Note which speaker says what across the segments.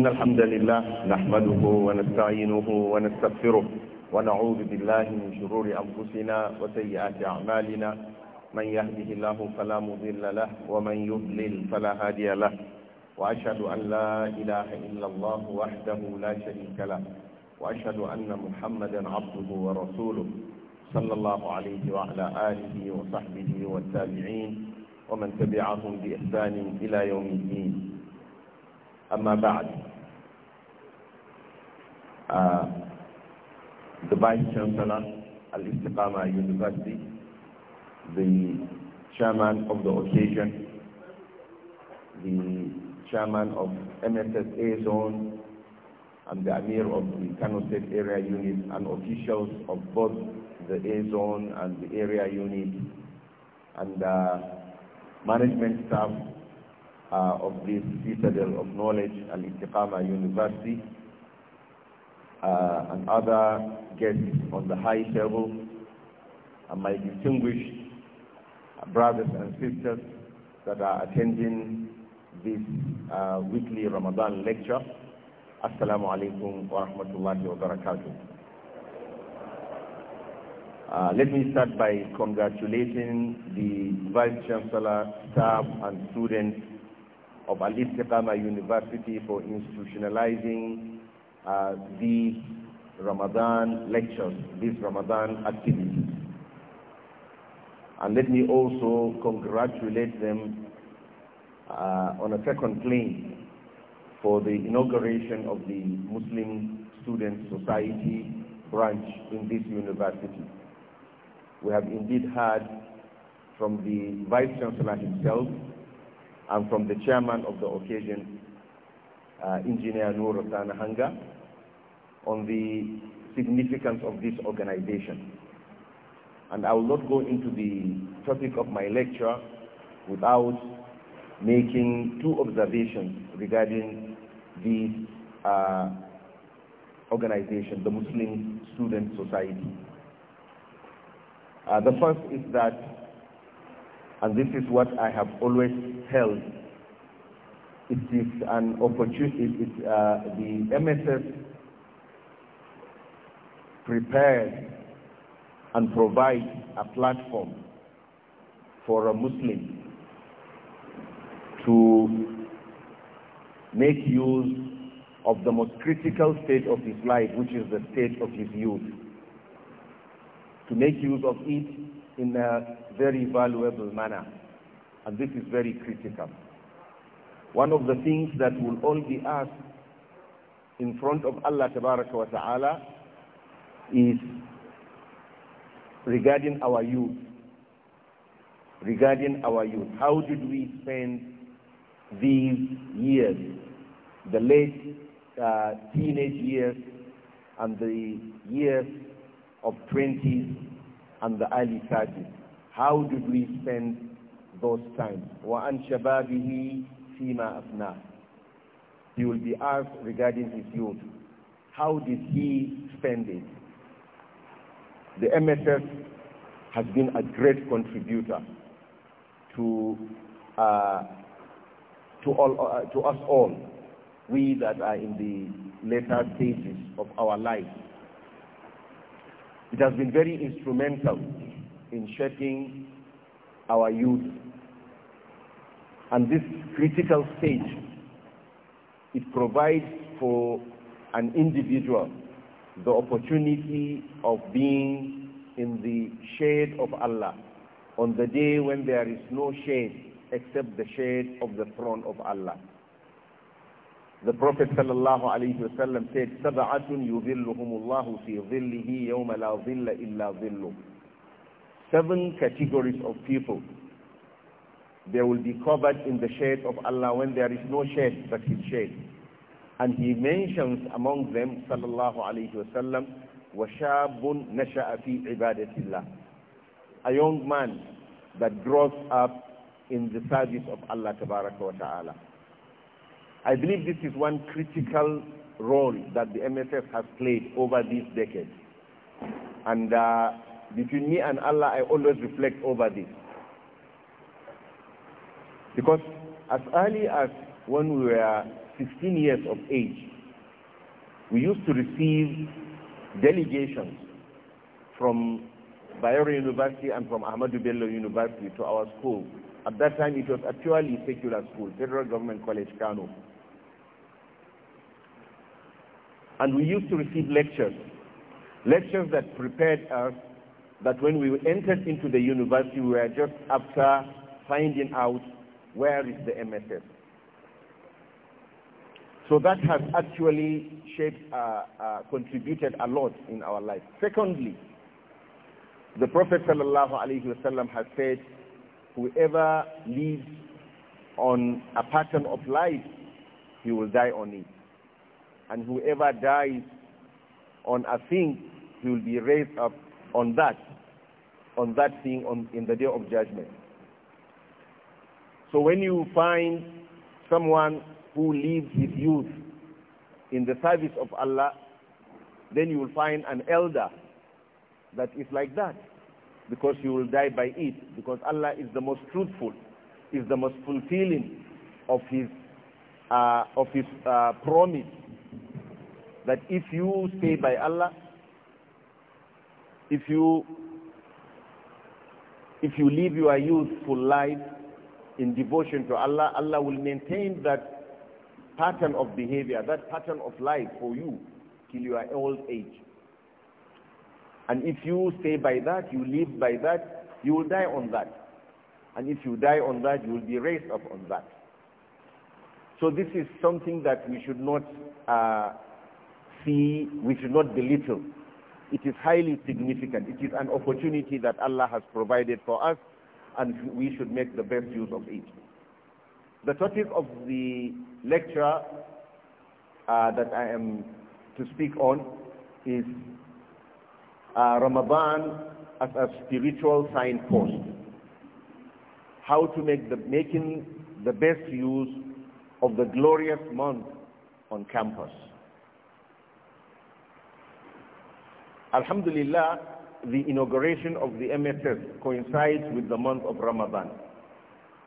Speaker 1: إن الحمد لله نحمده ونستعينه ونستغفره ونعوذ بالله من شرور أنفسنا وسيئات أعمالنا من يهده الله فلا مضل له ومن يضلل فلا هادي له وأشهد أن لا إله إلا الله وحده لا شريك له وأشهد أن محمدا عبده ورسوله صلى الله عليه وعلى آله وصحبه والتابعين ومن تبعهم بإحسان إلى يوم الدين أما بعد uh, the Vice Chancellor at istiqama University, the Chairman of the occasion, the Chairman of MSSA Zone, and the Amir of the Kano State Area Unit, and officials of both the A Zone and the Area Unit, and uh, management staff uh, of this citadel of knowledge, Al-Istiqama University, uh, and other guests on the high table, and my distinguished brothers and sisters that are attending this uh, weekly Ramadan lecture. Assalamu alaikum wa rahmatullahi wa barakatuh. Uh, let me start by congratulating the Vice Chancellor, staff and students of Al Istiqama University for institutionalizing uh, these Ramadan lectures, these Ramadan activities. And let me also congratulate them uh, on a second plane for the inauguration of the Muslim Student Society branch in this university. We have indeed heard from the Vice Chancellor himself and from the chairman of the occasion, uh, Engineer Noor Hanga, on the significance of this organization. And I will not go into the topic of my lecture without making two observations regarding this uh, organization, the Muslim Student Society. Uh, the first is that and this is what I have always held. It is an opportunity. It is, uh, the MSF prepares and provides a platform for a Muslim to make use of the most critical stage of his life, which is the stage of his youth. To make use of it in a very valuable manner. And this is very critical. One of the things that will all be asked in front of Allah Tabaraka wa Ta'ala is regarding our youth. Regarding our youth. How did we spend these years, the late uh, teenage years and the years of 20s and the early 30s. How did we spend those times? وَأَنْ شَبَابِهِ فِيمَا He will be asked regarding his youth. How did he spend it? The MSF has been a great contributor to uh, to all uh, to us all, we that are in the later stages of our life. It has been very instrumental in shaping our youth. And this critical stage, it provides for an individual the opportunity of being in the shade of Allah on the day when there is no shade except the shade of the throne of Allah. The Prophet sallallahu alayhi wasallam said, سَبَعَةٌ اللَّهُ فِي ظِلِّهِ يَوْمَ لَا ظِلَّ إِلَّا Seven categories of people. They will be covered in the shade of Allah when there is no shade but His shade. And he mentions among them, sallallahu alayhi wasallam, وَشَابٌ نَشَأَ فِي عِبَادَةِ اللَّهِ A young man that grows up in the service of Allah Tabaraka wa Ta'ala. I believe this is one critical role that the MSF has played over these decades. And uh, between me and Allah, I always reflect over this. Because as early as when we were 16 years of age, we used to receive delegations from Bayero University and from Ahmadu Bello University to our school. At that time, it was a purely secular school, Federal Government College, Kano. And we used to receive lectures, lectures that prepared us that when we entered into the university, we were just after finding out where is the MSF. So that has actually shaped, uh, uh, contributed a lot in our life. Secondly, the Prophet sallallahu has said, whoever lives on a pattern of life, he will die on it and whoever dies on a thing, he will be raised up on that, on that thing on, in the day of judgment. So when you find someone who leaves his youth in the service of Allah, then you will find an elder that is like that because you will die by it because Allah is the most truthful, is the most fulfilling of his, uh, of his uh, promise that if you stay by Allah, if you if you live your youthful life in devotion to Allah, Allah will maintain that pattern of behavior, that pattern of life for you till your old age. And if you stay by that, you live by that, you will die on that. And if you die on that, you will be raised up on that. So this is something that we should not uh, see, we should not belittle. It is highly significant. It is an opportunity that Allah has provided for us, and we should make the best use of it. The topic of the lecture uh, that I am to speak on is uh, Ramadan as a spiritual signpost. How to make the, making the best use of the glorious month on campus. Alhamdulillah, the inauguration of the MSS coincides with the month of Ramadan,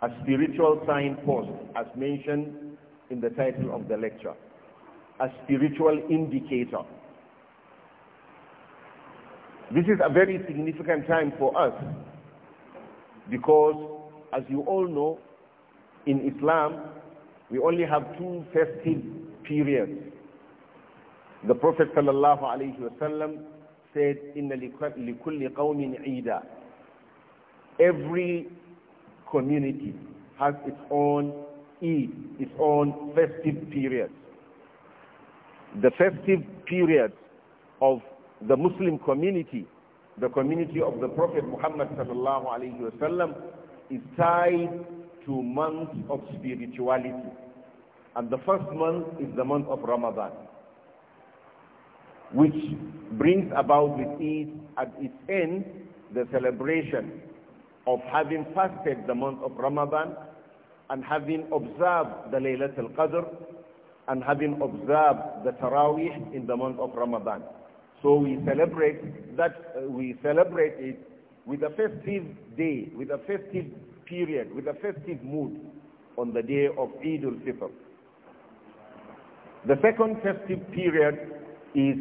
Speaker 1: a spiritual signpost as mentioned in the title of the lecture, a spiritual indicator. This is a very significant time for us because as you all know, in Islam, we only have two festive periods. The Prophet sallallahu said, in the qawmin ida. Every community has its own Eid, its own festive period. The festive period of the Muslim community, the community of the Prophet Muhammad sallallahu alayhi wasallam, is tied to months of spirituality. And the first month is the month of Ramadan which brings about with it at its end the celebration of having fasted the month of Ramadan and having observed the Laylat al Qadr and having observed the Taraweeh in the month of Ramadan. So we celebrate that, uh, we celebrate it with a festive day, with a festive period, with a festive mood on the day of Eid al-Fitr. The second festive period is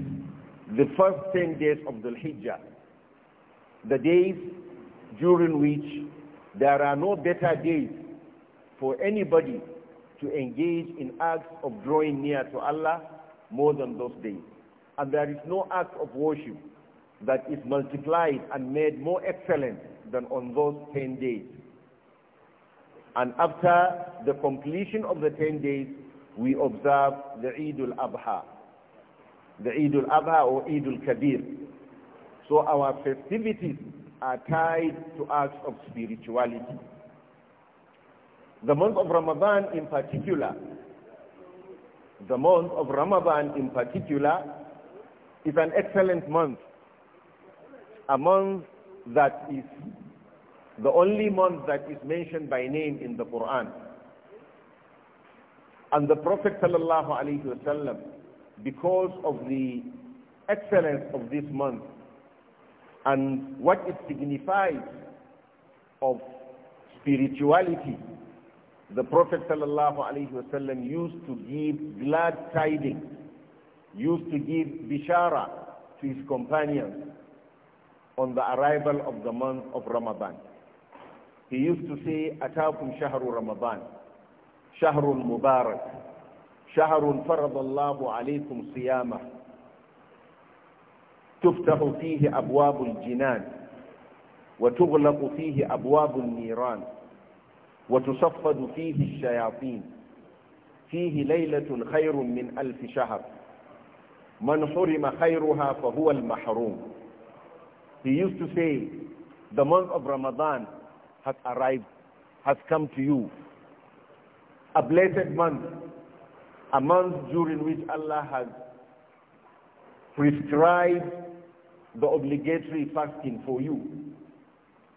Speaker 1: the first 10 days of the Hijjah, the days during which there are no better days for anybody to engage in acts of drawing near to Allah more than those days. And there is no act of worship that is multiplied and made more excellent than on those 10 days. And after the completion of the 10 days, we observe the Eid al-Abha, the Eid al-Adha or Eid al-Kabir. So our festivities are tied to acts of spirituality. The month of Ramadan in particular, the month of Ramadan in particular is an excellent month, a month that is the only month that is mentioned by name in the Quran. And the Prophet sallallahu alaihi wasallam because of the excellence of this month and what it signifies of spirituality, the Prophet ﷺ used to give glad tidings, used to give bishara to his companions on the arrival of the month of Ramadan. He used to say, Atakum Shahru Ramadan, Shahrul Mubarak, شهر فرض الله عليكم صيامه تفتح فيه أبواب الجنان وتغلق فيه أبواب النيران وتصفد فيه الشياطين فيه ليلة خير من ألف شهر من حرم خيرها فهو المحروم He used to say, the month of Ramadan has arrived, has come to you. A blessed month a month during which Allah has prescribed the obligatory fasting for you.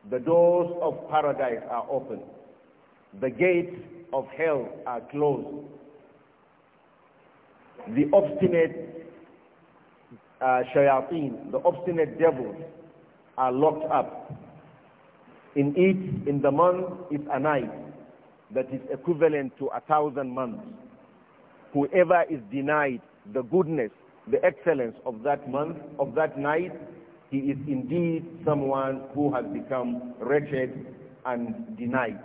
Speaker 1: The doors of paradise are open. The gates of hell are closed. The obstinate uh, shayateen, the obstinate devils are locked up. In it, in the month, is a night that is equivalent to a thousand months whoever is denied the goodness, the excellence of that month, of that night, he is indeed someone who has become wretched and denied.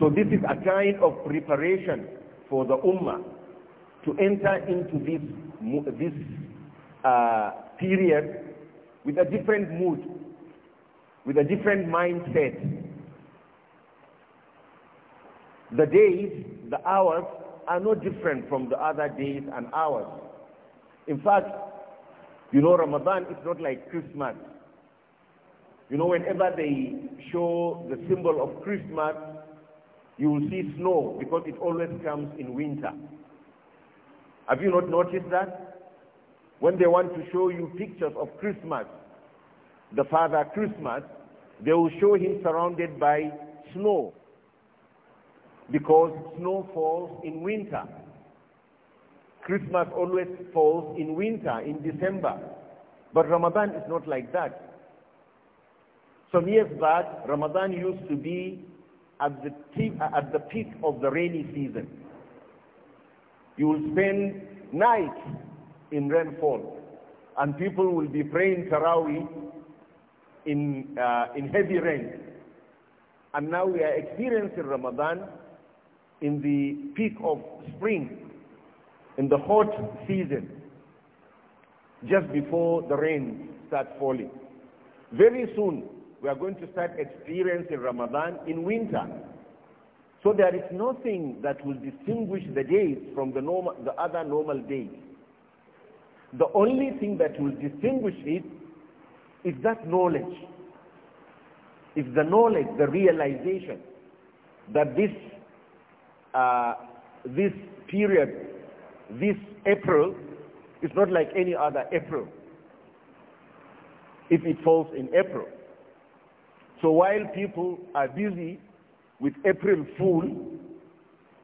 Speaker 1: So this is a kind of preparation for the Ummah to enter into this, this uh, period with a different mood, with a different mindset, the days, the hours are no different from the other days and hours. In fact, you know, Ramadan is not like Christmas. You know, whenever they show the symbol of Christmas, you will see snow because it always comes in winter. Have you not noticed that? When they want to show you pictures of Christmas, the Father Christmas, they will show him surrounded by snow because snow falls in winter. Christmas always falls in winter, in December. But Ramadan is not like that. Some years back, Ramadan used to be at the, peak, uh, at the peak of the rainy season. You will spend nights in rainfall, and people will be praying Taraweeh in, uh, in heavy rain. And now we are experiencing Ramadan in the peak of spring, in the hot season, just before the rain starts falling. Very soon, we are going to start experiencing Ramadan in winter. So there is nothing that will distinguish the days from the, normal, the other normal days. The only thing that will distinguish it is that knowledge. Is the knowledge, the realization that this uh, this period, this April, is not like any other April, if it falls in April. So while people are busy with April Fool,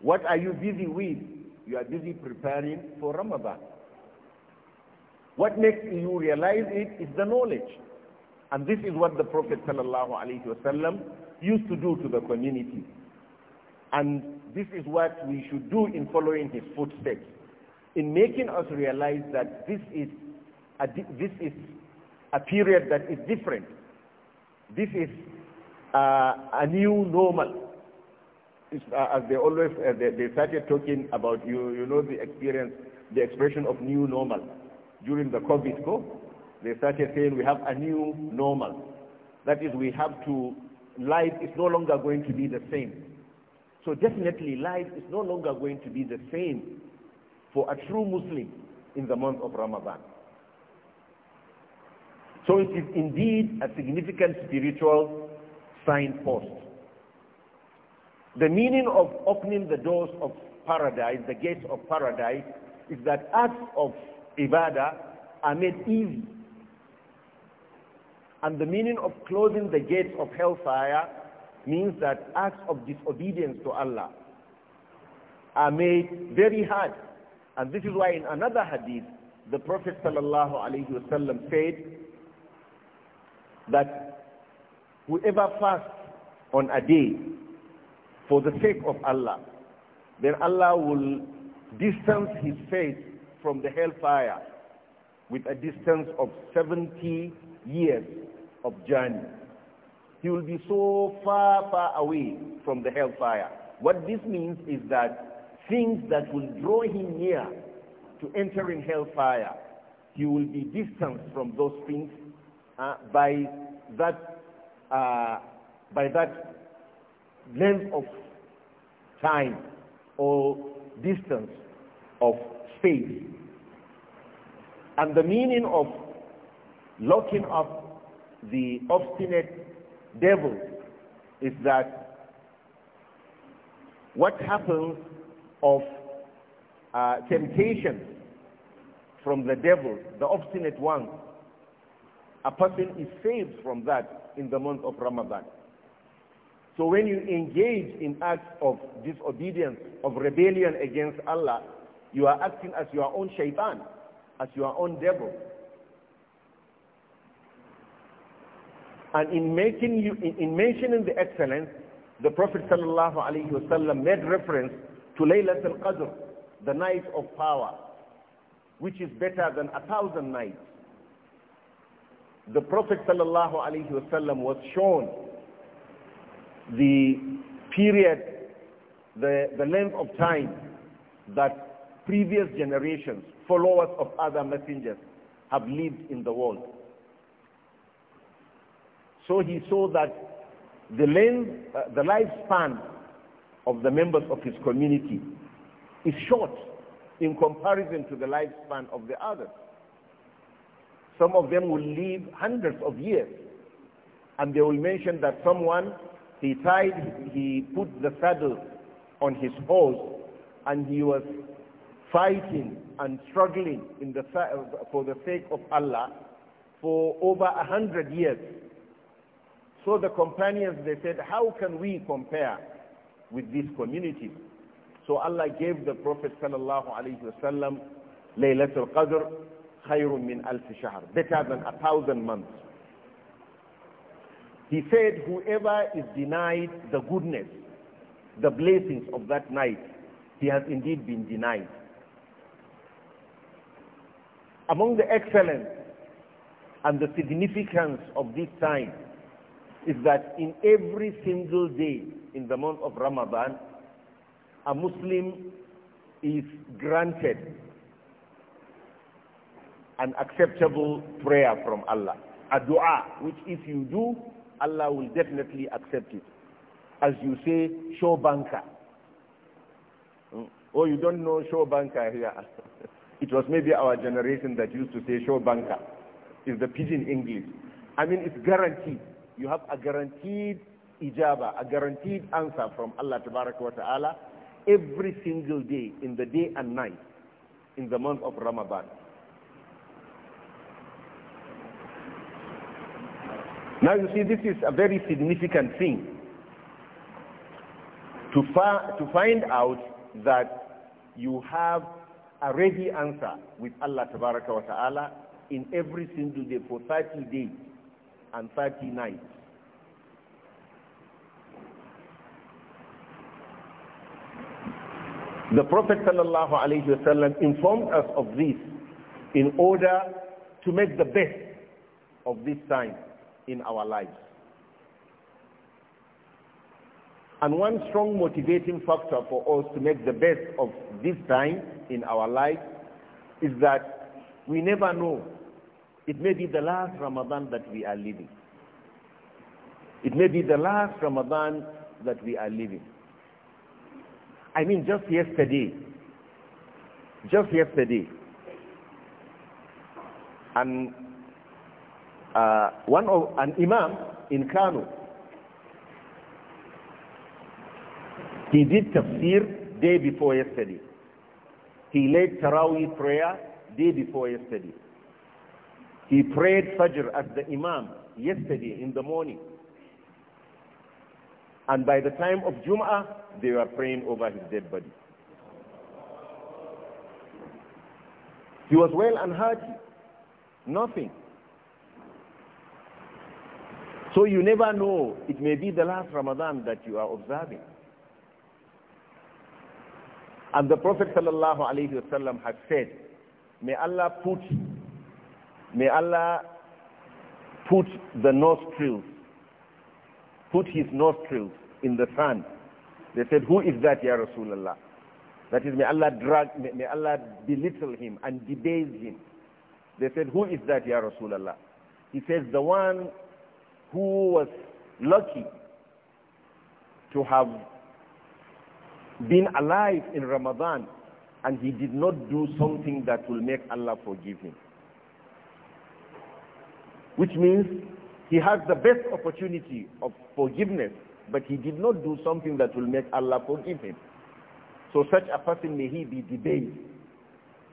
Speaker 1: what are you busy with? You are busy preparing for Ramadan. What makes you realize it is the knowledge. And this is what the Prophet ﷺ used to do to the community. And this is what we should do in following his footsteps, in making us realize that this is a, this is a period that is different. This is uh, a new normal. Uh, as they always uh, they, they, started talking about you you know the experience the expression of new normal during the COVID go they started saying we have a new normal that is we have to life is no longer going to be the same so definitely life is no longer going to be the same for a true Muslim in the month of Ramadan. So it is indeed a significant spiritual signpost. The meaning of opening the doors of paradise, the gates of paradise, is that acts of ibadah are made easy. And the meaning of closing the gates of hellfire means that acts of disobedience to Allah are made very hard. And this is why in another hadith, the Prophet wasallam said that whoever fasts on a day for the sake of Allah, then Allah will distance his face from the hellfire with a distance of 70 years of journey. He will be so far, far away from the hellfire. What this means is that things that will draw him near to entering hellfire, he will be distanced from those things uh, by that uh, by that length of time or distance of space. And the meaning of locking up the obstinate Devil is that what happens of uh, temptations from the devil, the obstinate ones, a person is saved from that in the month of Ramadan. So when you engage in acts of disobedience, of rebellion against Allah, you are acting as your own shaitan, as your own devil. And in, making you, in, in mentioning the excellence, the Prophet ﷺ made reference to Laylat al-Qadr, the night of power, which is better than a thousand nights. The Prophet ﷺ was shown the period, the, the length of time that previous generations, followers of other messengers, have lived in the world. So he saw that the, length, uh, the lifespan of the members of his community is short in comparison to the lifespan of the others. Some of them will live hundreds of years. And they will mention that someone, he tied, he put the saddle on his horse and he was fighting and struggling the, uh, for the sake of Allah for over a hundred years so the companions, they said, how can we compare with these communities? So Allah gave the Prophet sallallahu alayhi wasallam Laylatul Qadr khayrun min al shahr, better than a thousand months. He said, whoever is denied the goodness, the blessings of that night, he has indeed been denied. Among the excellence and the significance of this time is that in every single day in the month of Ramadan, a Muslim is granted an acceptable prayer from Allah. A dua, which if you do, Allah will definitely accept it. As you say, show banker. Hmm? Oh, you don't know show banker here. it was maybe our generation that used to say show banker. It's the pidgin English. I mean, it's guaranteed you have a guaranteed ijaba, a guaranteed answer from Allah wa ta'ala every single day, in the day and night, in the month of Ramadan. Now you see this is a very significant thing to, fi to find out that you have a ready answer with Allah wa ta'ala in every single day for 30 days and 30 nights. The Prophet ﷺ informed us of this in order to make the best of this time in our lives. And one strong motivating factor for us to make the best of this time in our life is that we never know it may be the last Ramadan that we are living. It may be the last Ramadan that we are living. I mean, just yesterday, just yesterday, and uh, one of, an imam in Kano, he did tafsir day before yesterday. He led Taraweeh prayer day before yesterday. He prayed Fajr as the Imam yesterday in the morning. And by the time of Jum'ah, they were praying over his dead body. He was well and hearty. Nothing. So you never know. It may be the last Ramadan that you are observing. And the Prophet sallallahu alaihi wasallam has said, may Allah put May Allah put the nostrils, put his nostrils in the sand. They said, who is that, Ya Rasulullah? That is, may Allah drag, may, may Allah belittle him and debase him. They said, who is that, Ya Rasulullah? He says, the one who was lucky to have been alive in Ramadan and he did not do something that will make Allah forgive him which means he has the best opportunity of forgiveness, but he did not do something that will make Allah forgive him. So such a person may he be debased.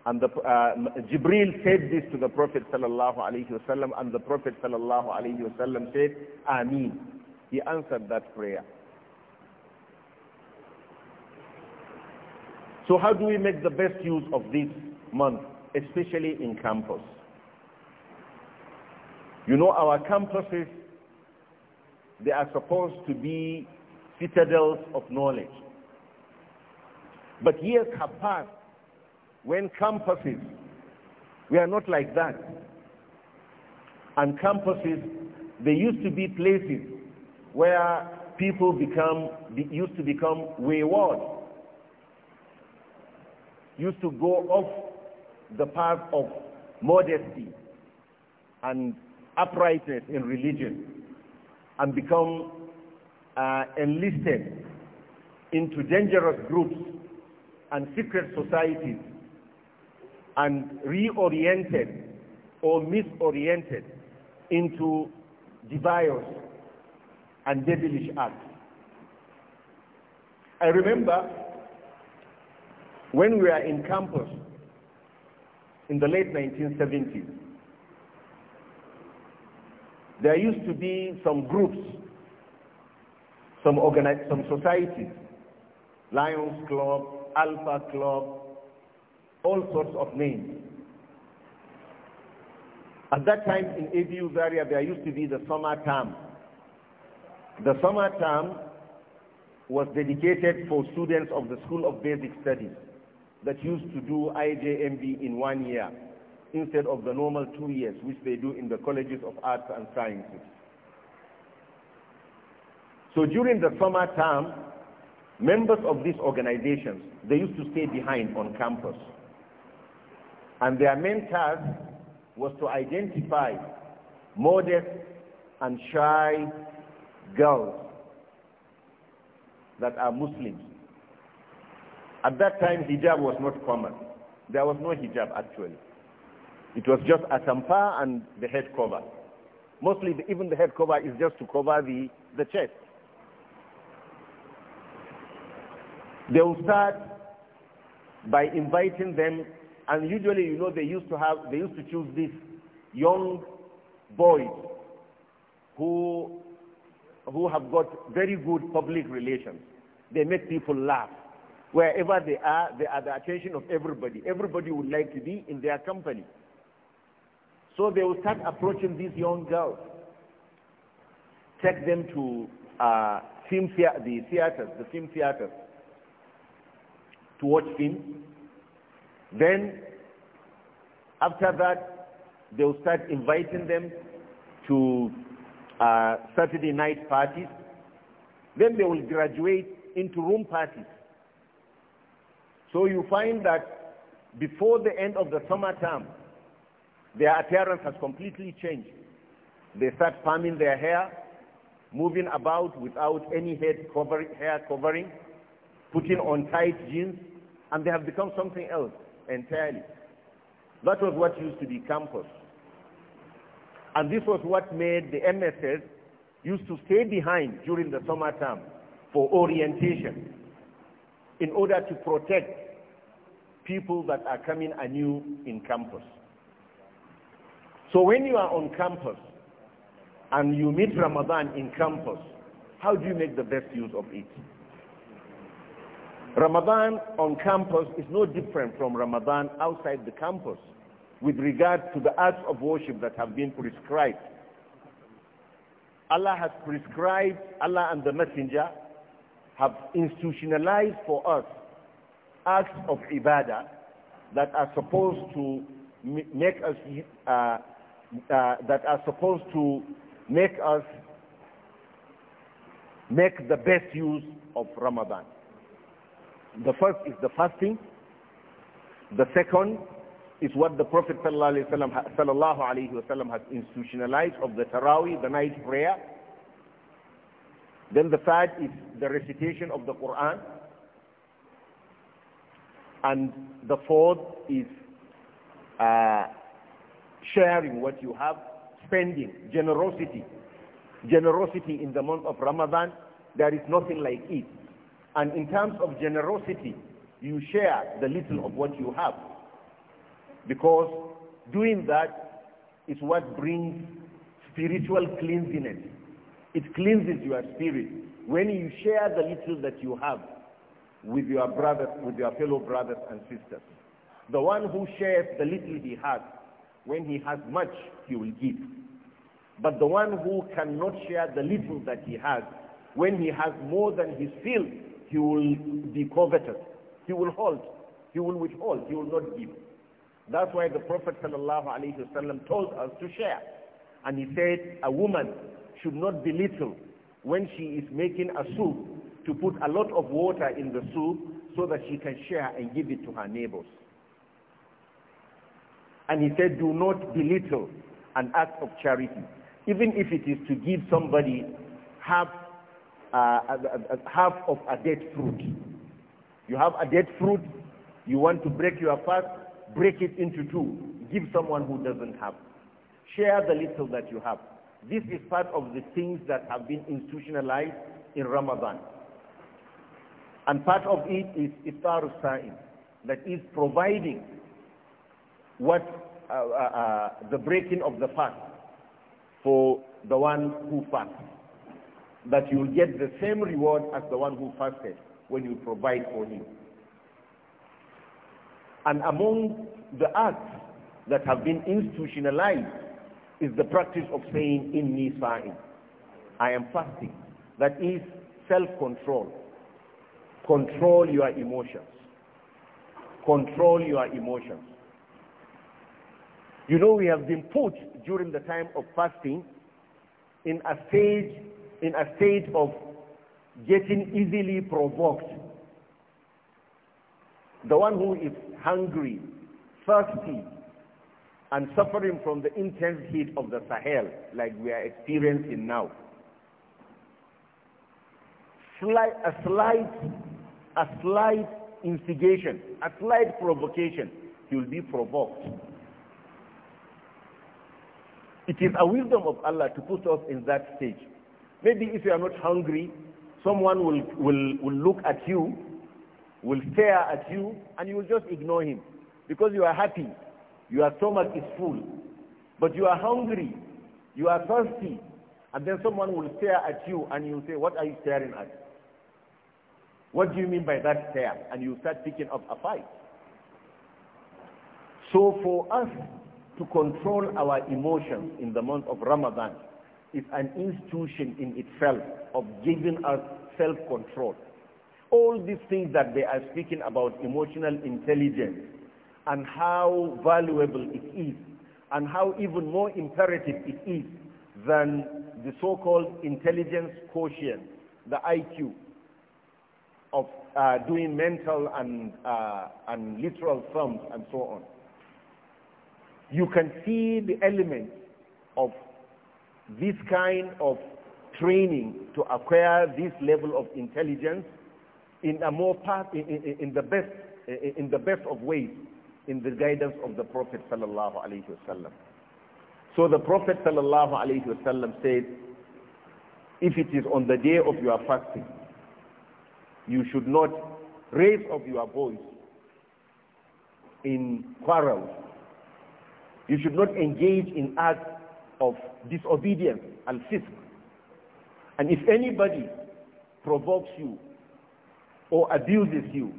Speaker 1: And the, uh, Jibril said this to the Prophet sallallahu alaihi wasallam, and the Prophet sallallahu alaihi wasallam said, "Amin." He answered that prayer. So how do we make the best use of this month, especially in campus? You know, our campuses, they are supposed to be citadels of knowledge. But years have passed when campuses we are not like that. And campuses, they used to be places where people become, used to become wayward, used to go off the path of modesty and uprightness in religion and become uh, enlisted into dangerous groups and secret societies and reoriented or misoriented into devious and devilish acts. I remember when we were in campus in the late 1970s, there used to be some groups, some, some societies, Lions Club, Alpha Club, all sorts of names. At that time in ABU Zaria, there used to be the summer term. The summer term was dedicated for students of the School of Basic Studies that used to do IJMB in one year instead of the normal two years which they do in the colleges of arts and sciences. So during the summer term, members of these organizations, they used to stay behind on campus. And their main task was to identify modest and shy girls that are Muslims. At that time, hijab was not common. There was no hijab, actually. It was just a tampar and the head cover. Mostly the, even the head cover is just to cover the, the chest. They will start by inviting them and usually you know they used to have they used to choose these young boys who who have got very good public relations. They make people laugh. Wherever they are, they are the attention of everybody. Everybody would like to be in their company. So they will start approaching these young girls, take them to uh, film thea- the theaters, the film theaters, to watch films. Then, after that, they will start inviting them to uh, Saturday night parties. Then they will graduate into room parties. So you find that before the end of the summer term, their appearance has completely changed. They start palming their hair, moving about without any head hair covering, putting on tight jeans, and they have become something else entirely. That was what used to be campus. And this was what made the MSS used to stay behind during the summer term for orientation in order to protect people that are coming anew in campus. So when you are on campus and you meet Ramadan in campus, how do you make the best use of it? Ramadan on campus is no different from Ramadan outside the campus with regard to the acts of worship that have been prescribed. Allah has prescribed, Allah and the Messenger have institutionalized for us acts of ibadah that are supposed to make us uh, uh, that are supposed to make us make the best use of Ramadan. The first is the fasting. The second is what the Prophet sallallahu alaihi wasallam has institutionalized of the Taraweeh, the night prayer. Then the third is the recitation of the Quran. And the fourth is uh, sharing what you have, spending, generosity. Generosity in the month of Ramadan, there is nothing like it. And in terms of generosity, you share the little of what you have. Because doing that is what brings spiritual cleanliness. It cleanses your spirit. When you share the little that you have with your brothers, with your fellow brothers and sisters, the one who shares the little he has when he has much, he will give. But the one who cannot share the little that he has, when he has more than his fill, he will be covetous. He will hold. He will withhold. He will not give. That's why the Prophet ﷺ told us to share. And he said, a woman should not be little when she is making a soup to put a lot of water in the soup so that she can share and give it to her neighbors. And he said, do not belittle an act of charity. Even if it is to give somebody half, uh, half of a dead fruit. You have a dead fruit, you want to break your fast, break it into two. Give someone who doesn't have. Share the little that you have. This is part of the things that have been institutionalized in Ramadan. And part of it is iftar sa'im, that is providing what uh, uh, uh, the breaking of the fast for the one who fasts. That you will get the same reward as the one who fasted when you provide for him. And among the acts that have been institutionalized is the practice of saying, in Sa'in. I am fasting. That is self-control. Control your emotions. Control your emotions. You know, we have been put during the time of fasting in a stage, in a state of getting easily provoked. The one who is hungry, thirsty, and suffering from the intense heat of the Sahel, like we are experiencing now. Slight, a slight, a slight instigation, a slight provocation, he will be provoked. It is a wisdom of Allah to put us in that stage. Maybe if you are not hungry, someone will, will, will look at you, will stare at you, and you will just ignore him. Because you are happy, your stomach is full, but you are hungry, you are thirsty, and then someone will stare at you and you say, what are you staring at? What do you mean by that stare? And you start picking up a fight. So for us to control our emotions in the month of Ramadan is an institution in itself of giving us self-control. All these things that they are speaking about, emotional intelligence, and how valuable it is, and how even more imperative it is than the so-called intelligence quotient, the IQ, of uh, doing mental and, uh, and literal sums and so on you can see the elements of this kind of training to acquire this level of intelligence in a more in, in, in the best in the best of ways in the guidance of the Prophet sallallahu alaihi wasallam. So the Prophet sallallahu alaihi wasallam said, if it is on the day of your fasting, you should not raise up your voice in quarrels you should not engage in acts of disobedience and fisk. And if anybody provokes you or abuses you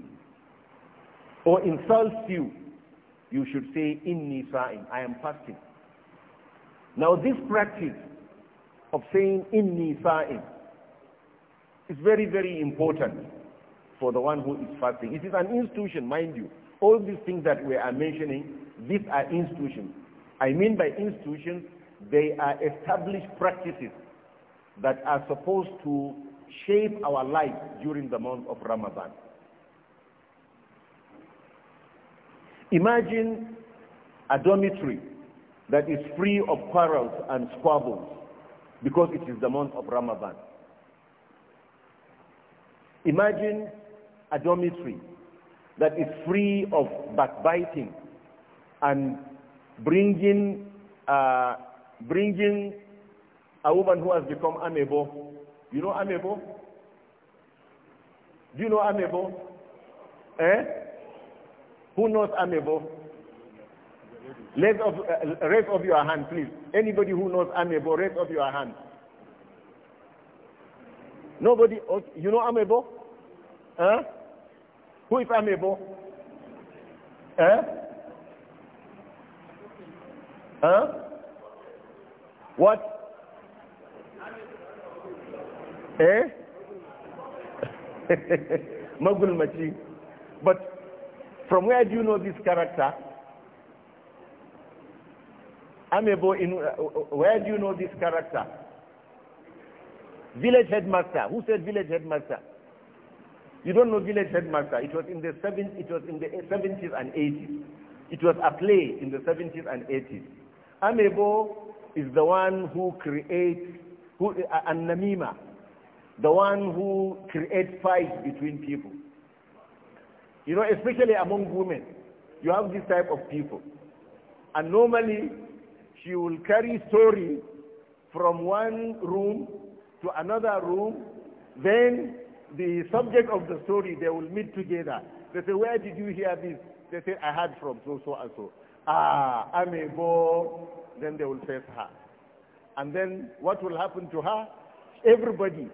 Speaker 1: or insults you, you should say, "In Sa'im, I am fasting. Now this practice of saying "In Sa'im is very, very important for the one who is fasting. It is an institution, mind you all these things that we are mentioning, these are institutions. I mean by institutions, they are established practices that are supposed to shape our life during the month of Ramadan. Imagine a dormitory that is free of quarrels and squabbles because it is the month of Ramadan. Imagine a dormitory that is free of backbiting and bringing, uh, bringing a woman who has become amiable. You know amiable? Do you know amiable? Eh? Who knows amiable? Raise of uh, raise of your hand, please. Anybody who knows amiable, raise of your hand. Nobody, oh, you know amiable? Huh? Who is amiable? Eh? Huh? What? Eh? Magul Machi. But from where do you know this character? Amebo, in, uh, uh, where do you know this character? Village headmaster. Who said village headmaster? You don't know village headmaster. It was in the 70s, it was in the 70s and 80s. It was a play in the 70s and 80s. Amebo is the one who creates, who, uh, Namima, the one who creates fights between people. You know, especially among women, you have this type of people. And normally, she will carry story from one room to another room, then the subject of the story, they will meet together. They say, where did you hear this? They say, I heard from so, so, and so. Ah, I may go. Then they will face her. And then what will happen to her? Everybody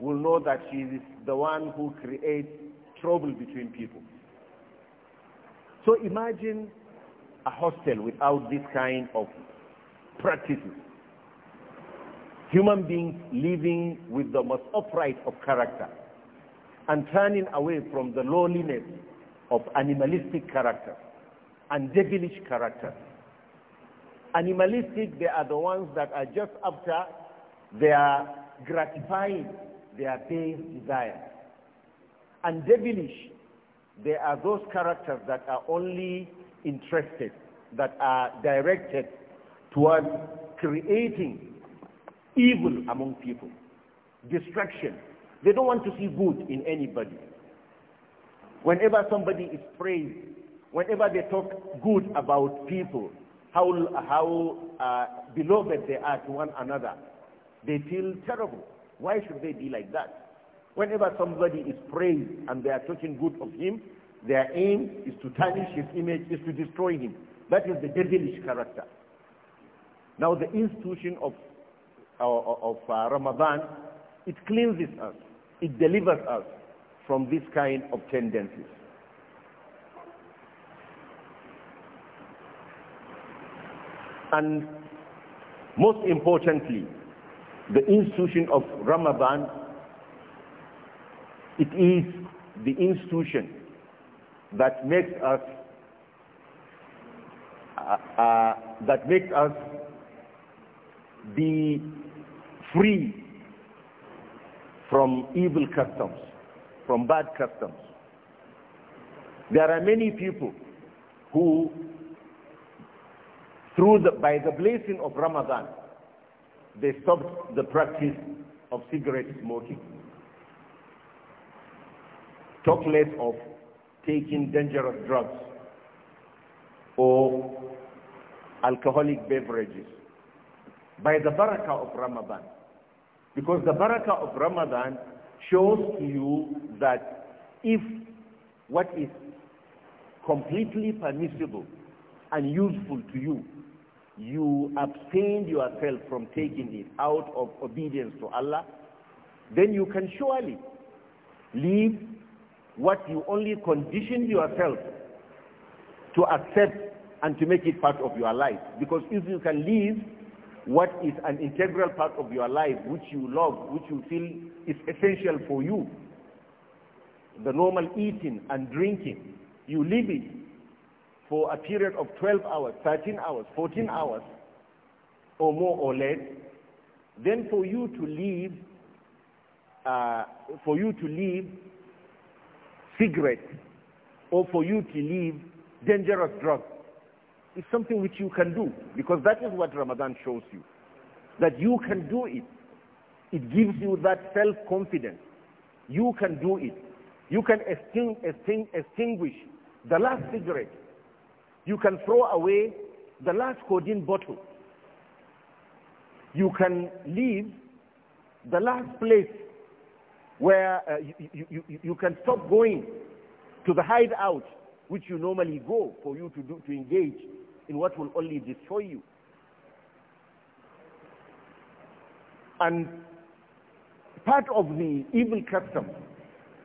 Speaker 1: will know that she is the one who creates trouble between people. So imagine a hostel without this kind of practices. Human beings living with the most upright of character and turning away from the lowliness of animalistic character and devilish character. Animalistic, they are the ones that are just after they are gratifying their base desire. And devilish, they are those characters that are only interested, that are directed towards creating evil among people, destruction, they don't want to see good in anybody. Whenever somebody is praised, whenever they talk good about people, how, how uh, beloved they are to one another, they feel terrible. Why should they be like that? Whenever somebody is praised and they are talking good of him, their aim is to tarnish his image, is to destroy him. That is the devilish character. Now the institution of, uh, of uh, Ramadan, it cleanses us. It delivers us from this kind of tendencies. And most importantly, the institution of Ramadan, it is the institution that makes us uh, uh, that makes us be free from evil customs, from bad customs. There are many people who, through the, by the blessing of Ramadan, they stopped the practice of cigarette smoking. Talk less of taking dangerous drugs or alcoholic beverages. By the barakah of Ramadan, because the barakah of Ramadan shows to you that if what is completely permissible and useful to you, you abstain yourself from taking it out of obedience to Allah, then you can surely leave what you only conditioned yourself to accept and to make it part of your life. Because if you can leave what is an integral part of your life, which you love, which you feel is essential for you. The normal eating and drinking, you leave it for a period of 12 hours, 13 hours, 14 mm-hmm. hours, or more or less. Then for you to leave, uh, for you to leave cigarettes, or for you to leave dangerous drugs, is something which you can do because that is what Ramadan shows you. That you can do it. It gives you that self-confidence. You can do it. You can extinguish the last cigarette. You can throw away the last codeine bottle. You can leave the last place where uh, you, you, you, you can stop going to the hideout which you normally go for you to, do, to engage in what will only destroy you. And part of the evil custom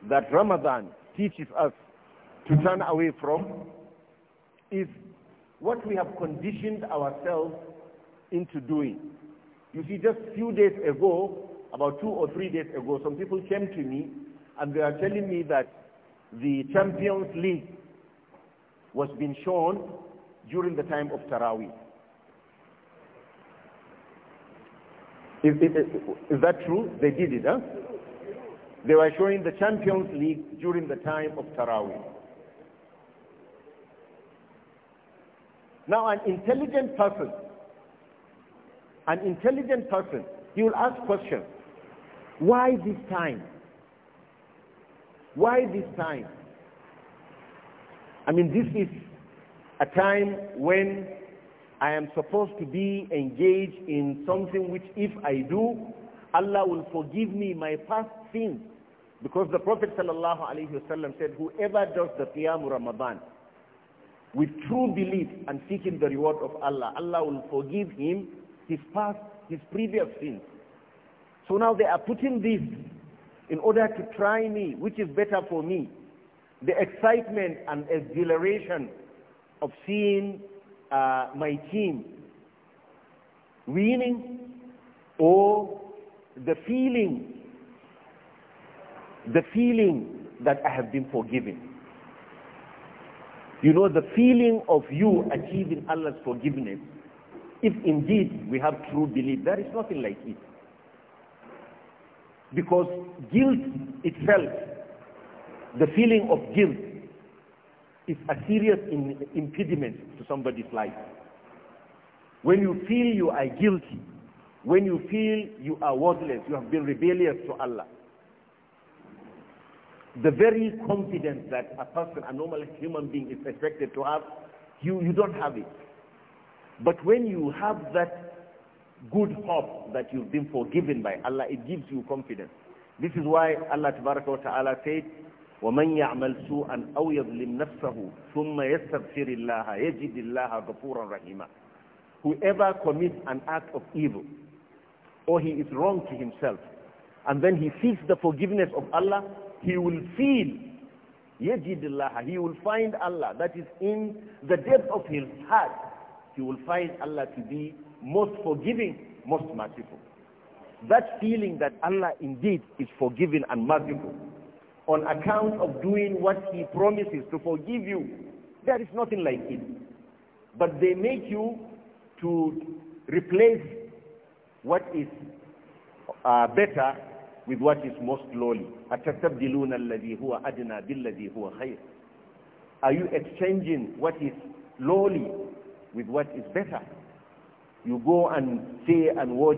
Speaker 1: that Ramadan teaches us to turn away from is what we have conditioned ourselves into doing. You see, just a few days ago, about two or three days ago, some people came to me and they are telling me that the Champions League was being shown during the time of Taraweeh. Is, is, is, that true? They did it, huh? They were showing the Champions League during the time of Taraweeh. Now, an intelligent person, an intelligent person, he will ask questions. Why this time? Why this time? I mean, this is a time when I am supposed to be engaged in something which if I do, Allah will forgive me my past sins. Because the Prophet ﷺ said, whoever does the Qiyam Ramadan with true belief and seeking the reward of Allah, Allah will forgive him his past, his previous sins. So now they are putting this in order to try me, which is better for me. The excitement and exhilaration of seeing uh, my team winning or the feeling, the feeling that I have been forgiven. You know, the feeling of you achieving Allah's forgiveness, if indeed we have true belief, there is nothing like it. Because guilt itself, the feeling of guilt, is a serious in, impediment to somebody's life. When you feel you are guilty, when you feel you are worthless, you have been rebellious to Allah, the very confidence that a person, a normal human being is expected to have, you, you don't have it. But when you have that good hope that you've been forgiven by Allah, it gives you confidence. This is why Allah Ta'ala said, ومن يعمل سوءا او يظلم نفسه ثم يستغفر الله يجد الله غفورا رحيما Whoever commits an act of evil or he is wrong to himself and then he seeks the forgiveness of Allah, he will feel يجد الله He will find Allah that is in the depth of his heart. He will find Allah to be most forgiving, most merciful. That feeling that Allah indeed is forgiving and merciful on account of doing what he promises to forgive you, there is nothing like it. But they make you to replace what is uh, better with what is most lowly. Are you exchanging what is lowly with what is better? You go and say and watch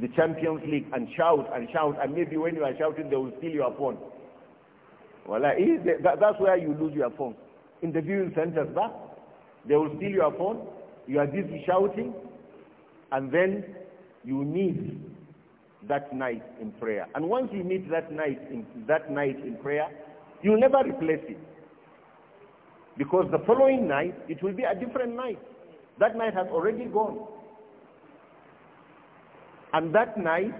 Speaker 1: the Champions League and shout and shout and maybe when you are shouting they will steal your phone. Well, that, that's where you lose your phone. In the viewing centers, that they will steal your phone. You are busy shouting, and then you need that night in prayer. And once you meet that night in that night in prayer, you'll never replace it. Because the following night, it will be a different night. That night has already gone. And that night,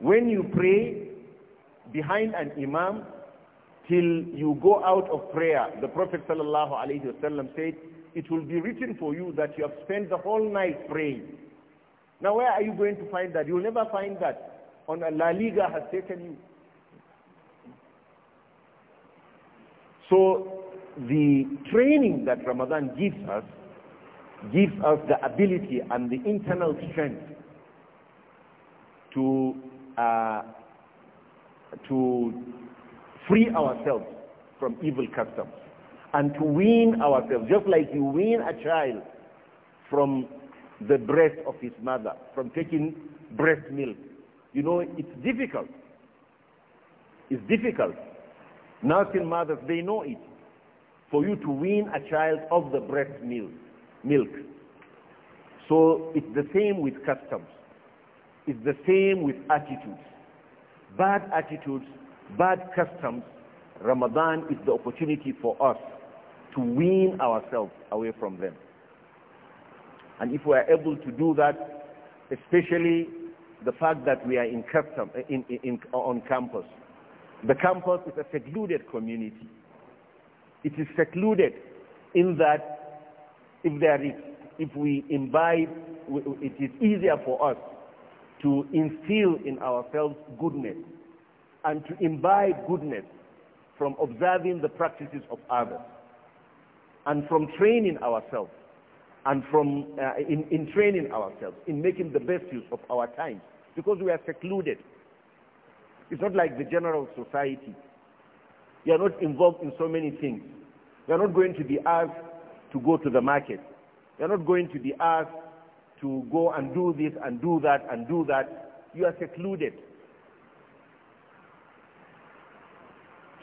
Speaker 1: when you pray behind an imam, till you go out of prayer. The Prophet ﷺ said, it will be written for you that you have spent the whole night praying. Now where are you going to find that? You'll never find that. On La Liga has taken you. So the training that Ramadan gives us, gives us the ability and the internal strength to, uh, to free ourselves from evil customs and to wean ourselves, just like you wean a child from the breast of his mother, from taking breast milk. You know, it's difficult. It's difficult. Nursing mothers, they know it. For you to wean a child of the breast milk. milk. So it's the same with customs. It's the same with attitudes. Bad attitudes bad customs, Ramadan is the opportunity for us to wean ourselves away from them. And if we are able to do that, especially the fact that we are in custom, in, in, in, on campus. The campus is a secluded community. It is secluded in that if there is, if we imbibe, it is easier for us to instill in ourselves goodness and to imbibe goodness from observing the practices of others and from training ourselves and from uh, in, in training ourselves in making the best use of our time because we are secluded it's not like the general society you are not involved in so many things you are not going to be asked to go to the market you are not going to be asked to go and do this and do that and do that you are secluded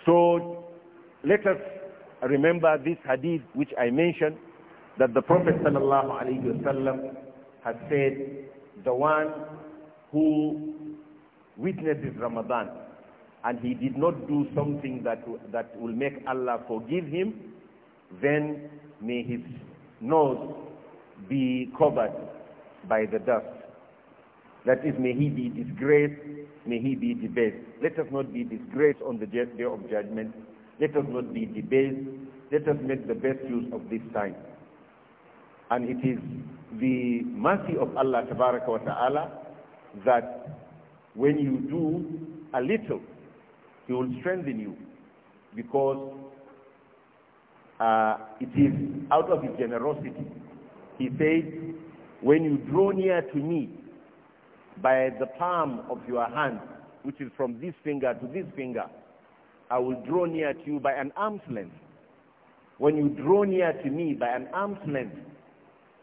Speaker 1: So let us remember this hadith which I mentioned that the Prophet sallallahu alaihi wasallam has said, the one who witnesses Ramadan and he did not do something that, that will make Allah forgive him, then may his nose be covered by the dust. That is, may he be disgraced may he be debased. Let us not be disgraced on the day of judgment. Let us not be debased. Let us make the best use of this time. And it is the mercy of Allah wa ta'ala that when you do a little, He will strengthen you because uh, it is out of His generosity. He said, when you draw near to me, by the palm of your hand, which is from this finger to this finger, I will draw near to you by an arm's length. When you draw near to me by an arm's length,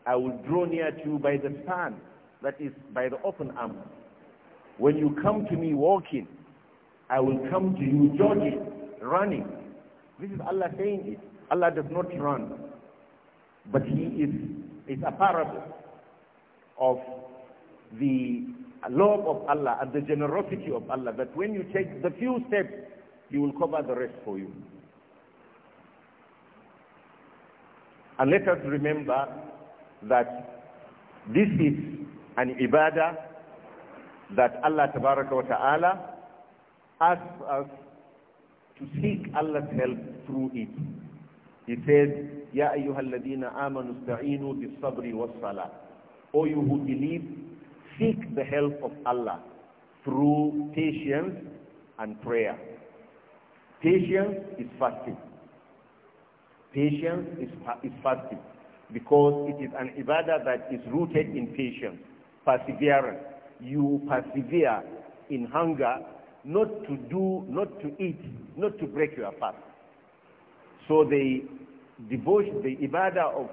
Speaker 1: I will draw near to you by the span, that is, by the open arm. When you come to me walking, I will come to you jogging, running. This is Allah saying it. Allah does not run. But he is, is a parable of the love of Allah and the generosity of Allah that when you take the few steps, He will cover the rest for you. And let us remember that this is an ibadah that Allah wa Ta'ala asks us to seek Allah's help through it. He says, Ya ayyuhalladina amanu bis sabri was salah. O you who believe, seek the help of Allah through patience and prayer. Patience is fasting. Patience is, is fasting because it is an ibadah that is rooted in patience, perseverance. You persevere in hunger not to do, not to eat, not to break your fast. So the devotion, the ibadah of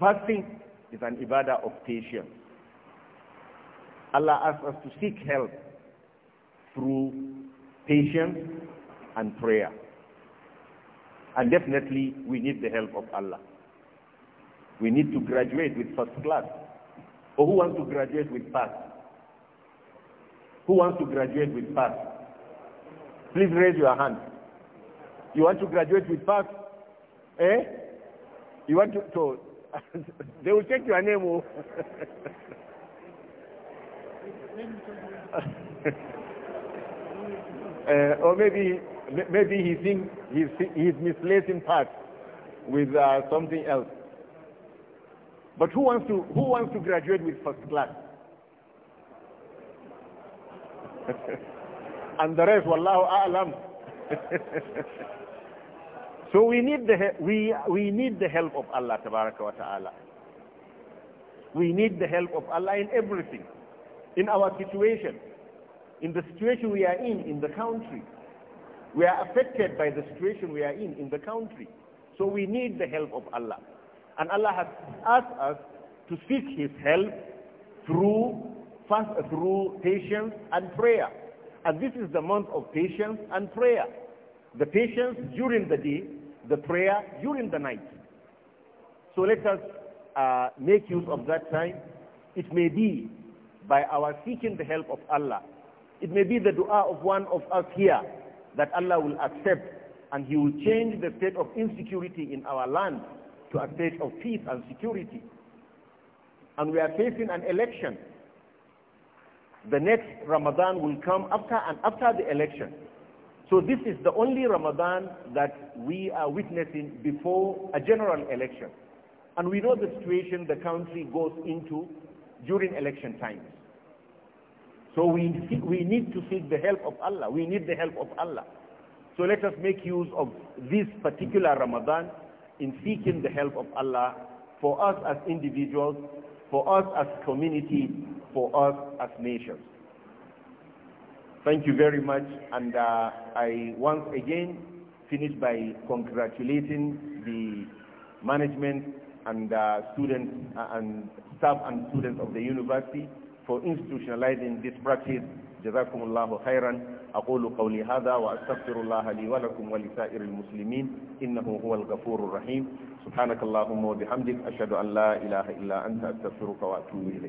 Speaker 1: fasting is an ibadah of patience. Allah asks us to seek help through patience and prayer. And definitely, we need the help of Allah. We need to graduate with first class. Or who wants to graduate with pass? Who wants to graduate with pass? Please raise your hand. You want to graduate with pass? Eh? You want to? So, they will check your name. Oh. uh, or maybe maybe he think he's, he's misplacing part with uh, something else. But who wants to who wants to graduate with first class? and the rest, wallahu a'lam. so we need the we we need the help of Allah wa ta'ala. We need the help of Allah in everything in our situation, in the situation we are in, in the country. We are affected by the situation we are in, in the country. So we need the help of Allah. And Allah has asked us to seek His help through first through patience and prayer. And this is the month of patience and prayer. The patience during the day, the prayer during the night. So let us uh, make use of that time. It may be by our seeking the help of Allah. It may be the dua of one of us here that Allah will accept and he will change the state of insecurity in our land to a state of peace and security. And we are facing an election. The next Ramadan will come after and after the election. So this is the only Ramadan that we are witnessing before a general election. And we know the situation the country goes into during election times. So we, we need to seek the help of Allah. We need the help of Allah. So let us make use of this particular Ramadan in seeking the help of Allah for us as individuals, for us as community, for us as nations. Thank you very much. And uh, I once again finish by congratulating the management and uh, students uh, and staff and students of the university for institutionalizing this practice. جزاكم الله خيرا أقول قولي هذا وأستغفر الله لي ولكم ولسائر المسلمين إنه هو الغفور الرحيم سبحانك اللهم وبحمدك أشهد أن لا إله إلا أنت أستغفرك وأتوب إليك